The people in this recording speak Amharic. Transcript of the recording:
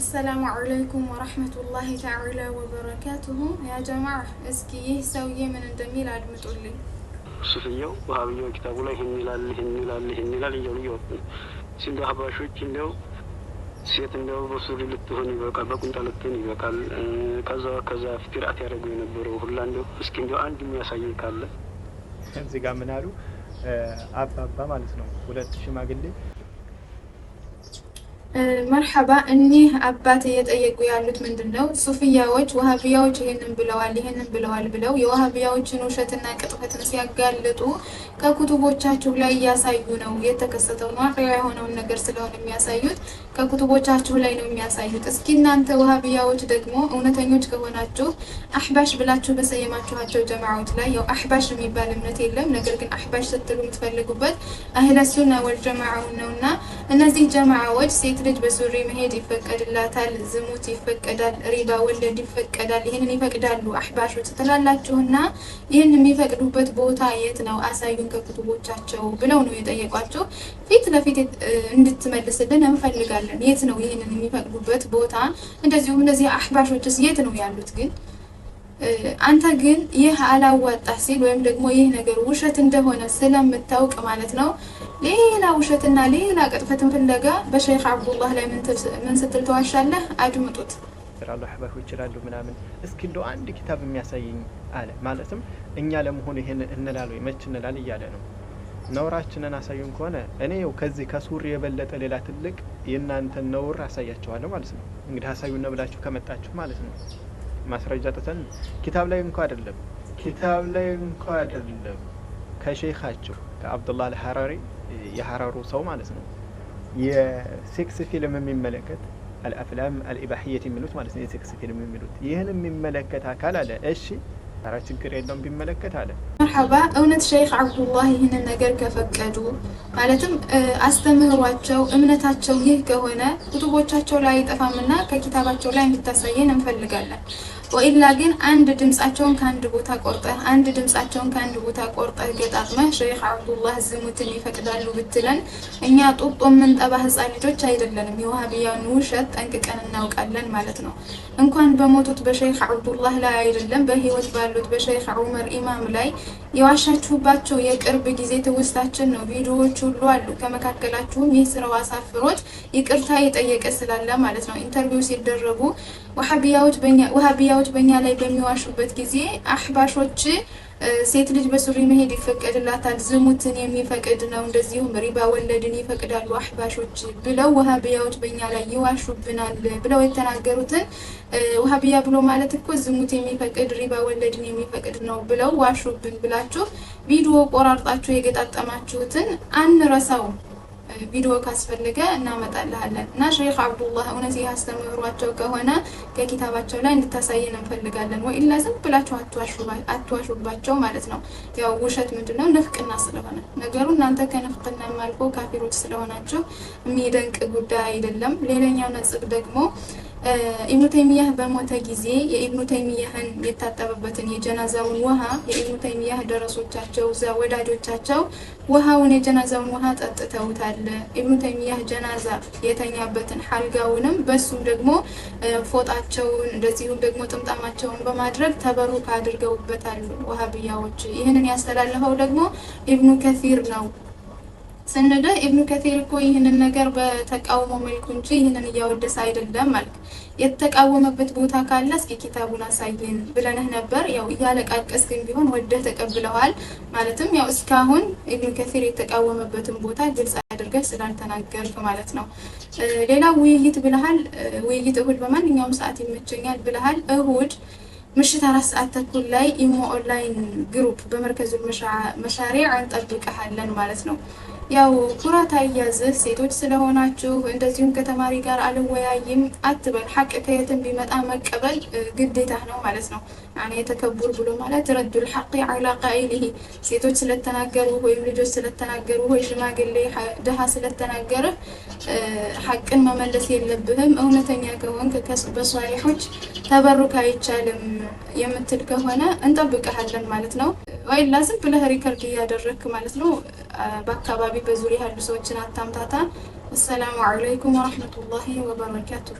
አሰላሙ አለይኩም ወረህመቱላሂ ተዓላ ወበረካቱሁ። ያ ጀማዓ እስኪ ይህ ሰውዬ ምን እንደሚል አድምጡልኝ። ሱፍያው ውሃብያው ኪታቡ ላይ ይህን ይላል ይህን ይላል ይህን ይላል እያሉ እያወጡ ሲንደ አህባሾች እንዲያው ሴት እንዲያው በሱሪ ልትሆን ይበቃል፣ በቁምጣ ልትሆን ይበቃል። ከዛ ከዛ ፊትርአት ያደረጉ የነበረው ሁላ እንዲያው እስኪ እንዲያው አንድ የሚያሳየኝ ካለ እዚህ ጋር ምን አሉ አባባ ማለት ነው ሁለት ሽማግሌ መርሐባ እኒህ አባት እየጠየቁ ያሉት ምንድን ነው? ሱፍያዎች ወሃቢያዎች ይህንን ብለዋል ይህንን ብለዋል ብለው የወሃቢያዎችን ውሸትና ቅጥፈትን ሲያጋልጡ ከኩቱቦቻችሁ ላይ እያሳዩ ነው። የተከሰተውን ዋቅያ የሆነውን ነገር ስለሆነ የሚያሳዩት ከኩቱቦቻችሁ ላይ ነው የሚያሳዩት። እስኪ እናንተ ውሃብያዎች ደግሞ እውነተኞች ከሆናችሁ አሕባሽ ብላችሁ በሰየማችኋቸው ጀማዓዎች ላይ ያው አሕባሽ የሚባል እምነት የለም። ነገር ግን አሕባሽ ስትሉ የምትፈልጉበት አህለ ሱና ወል ጀማዓውን ነው እና እነዚህ ጀማዓዎች ሴት ልጅ በሱሪ መሄድ ይፈቀድላታል፣ ዝሙት ይፈቀዳል፣ ሪባ ወለድ ይፈቀዳል፣ ይህንን ይፈቅዳሉ አሕባሾች ትላላችሁና ይህን የሚፈቅዱበት ቦታ የት ነው አሳዩን ከኩቱቦቻቸው ብለው ነው የጠየቋቸው። ፊት ለፊት እንድትመልስልን እንፈልጋለን። አይደለም? የት ነው ይህንን የሚፈቅዱበት ቦታ? እንደዚሁም እነዚህ አህባሾችስ የት ነው ያሉት? ግን አንተ ግን ይህ አላዋጣ ሲል ወይም ደግሞ ይህ ነገር ውሸት እንደሆነ ስለምታውቅ ማለት ነው ሌላ ውሸትና ሌላ ቅጥፈትን ፍለጋ በሸይኽ አብዱላህ ላይ ምን ስትል ተዋሻለህ? አድምጡት። ይችላሉ አህባሾች ይችላሉ ምናምን እስኪ እንደው አንድ ኪታብ የሚያሳየኝ አለ። ማለትም እኛ ለመሆኑ ይሄን እንላል ወይ መች እንላል እያለ ነው። ነውራችንን አሳዩን ከሆነ እኔ ከዚህ ከሱሪ የበለጠ ሌላ ትልቅ የእናንተን ነውር አሳያችኋለሁ ማለት ነው። እንግዲህ አሳዩነ ብላችሁ ከመጣችሁ ማለት ነው። ማስረጃ ጥተን ኪታብ ላይ እንኳ አይደለም ኪታብ ላይ እንኳ አይደለም ከሼካችሁ ከአብዱላህ አልሐራሪ የሐራሩ ሰው ማለት ነው የሴክስ ፊልም የሚመለከት አልአፍላም አልኢባህየት የሚሉት ማለት ነው የሴክስ ፊልም የሚሉት ይህን የሚመለከት አካል አለ እሺ ኧረ ችግር የለውም ቢመለከት አለ። መርሐባ እውነት ሸይኽ አብዱላህ ይህንን ነገር ከፈቀዱ ማለትም አስተምህሯቸው፣ እምነታቸው ይህ ከሆነ ቁጡቦቻቸው ላይ አይጠፋምና ከኪታባቸው ላይ እንድታሳየን እንፈልጋለን። ወኢላ ግን አንድ ድምጻቸውን ከአንድ ቦታ ቆርጠ አንድ ድምጻቸውን ከአንድ ቦታ ቆርጠ ገጣጥመ ሸይኽ አብዱላህ ዝሙትን ይፈቅዳሉ ብትለን እኛ ጡጦ ጠባ ህፃን ልጆች አይደለንም። የዋህብያን ውሸት ጠንቅቀን እናውቃለን ማለት ነው። እንኳን በሞቱት በሸይኽ አብዱላህ ላይ አይደለም በህይወት ባሉት በሸይኽ ዑመር ኢማም ላይ የዋሻችሁባቸው የቅርብ ጊዜ ትውስታችን ነው። ቪዲዮዎች ሁሉ አሉ። ከመካከላችሁም ይህ ስራው አሳፍሮት ይቅርታ የጠየቀ ስላለ ማለት ነው ኢንተርቪው ሲደረጉ ዋሃቢያዎች በእኛ ባዳዎች በእኛ ላይ በሚዋሹበት ጊዜ አህባሾች ሴት ልጅ በሱሪ መሄድ ይፈቀድላታል፣ ዝሙትን የሚፈቅድ ነው፣ እንደዚሁም ሪባ ወለድን ይፈቅዳሉ አህባሾች ብለው ውሃብያዎች በእኛ ላይ ይዋሹብናል ብለው የተናገሩትን ውሃብያ ብሎ ማለት እኮ ዝሙት የሚፈቅድ ሪባ ወለድን የሚፈቅድ ነው ብለው ዋሹብን ብላችሁ ቪዲዮ ቆራርጣችሁ የገጣጠማችሁትን አንረሳውም። ቪዲዮ ካስፈለገ እናመጣልሃለን እና ሼክ አብዱላህ እውነት ያስተምሯቸው ከሆነ ከኪታባቸው ላይ እንድታሳየን እንፈልጋለን። ወይ ኢላ ዝም ብላቸው አትዋሹባቸው ማለት ነው። ያው ውሸት ምንድን ነው? ንፍቅና ስለሆነ ነገሩ እናንተ ከንፍቅና አልፎ ካፊሮች ስለሆናቸው የሚደንቅ ጉዳይ አይደለም። ሌላኛው ነጥብ ደግሞ ኢብኑ ተይሚያህ በሞተ ጊዜ የኢብኑ ተይሚያህን የታጠበበትን የጀናዛውን ውሃ የኢብኑ ተይሚያህ ደረሶቻቸው ወዳጆቻቸው ውሃውን የጀናዛውን ውሃ ጠጥተውታል። ኢብኑ ተይሚያህ ጀናዛ የተኛበትን ሀልጋውንም በሱም ደግሞ ፎጣቸውን እንደዚሁም ደግሞ ጥምጣማቸውን በማድረግ ተበሩክ አድርገውበታል። ውሃ ብያዎች ይህንን ያስተላለፈው ደግሞ ኢብኑ ከፊር ነው። ስንልህ ኢብኑ ከቴር እኮ ይህንን ነገር በተቃውሞ መልኩ እንጂ ይህንን እያወደሰ አይደለም ማለት የተቃወመበት ቦታ ካለ እስኪ ኪታቡን አሳይን ብለንህ ነበር። ያው እያለቃቀስክን ቢሆን ወደህ ተቀብለዋል። ማለትም ያው እስካሁን ኢብኑ ከቴር የተቃወመበትን ቦታ ግልጽ አድርገህ ስላልተናገርክ ማለት ነው። ሌላ ውይይት ብለሃል። ውይይት እሁድ በማንኛውም ሰዓት ይመቸኛል ብለሃል። እሁድ ምሽት አራት ሰዓት ተኩል ላይ ኢሞ ኦንላይን ግሩፕ በመርከዙል መሻሪዕ እንጠብቅሃለን ማለት ነው። ያው ኩራት አያዝህ ሴቶች ስለሆናችሁ እንደዚሁም ከተማሪ ጋር አልወያይም አትበል። ሐቅ ከየትን ቢመጣ መቀበል ግዴታ ነው ማለት ነው። ያኔ ተከቡር ብሎ ማለት ረዱል ሐቂ አላ ቃኢሊሂ ሴቶች ስለተናገሩ ወይም ልጆች ስለተናገሩ ወይ ሽማግሌ ድሃ ስለተናገረ ሐቅን መመለስ የለብህም። እውነተኛ ከሆንክ በሷሊሖች ተበሩክ አይቻልም። የምትል ከሆነ እንጠብቀሃለን ማለት ነው። ወይ ላዝም ብለህ ሪከርድ እያደረግክ ማለት ነው። በአካባቢ በዙሪያ ያሉ ሰዎችን አታምታታ። አሰላሙ አለይኩም ወረህመቱላሂ ወበረካቱሁ